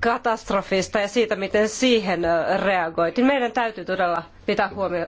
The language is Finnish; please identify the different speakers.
Speaker 1: katastrofista ja siitä, miten siihen reagoitiin. Meidän täytyy todella pitää huomio,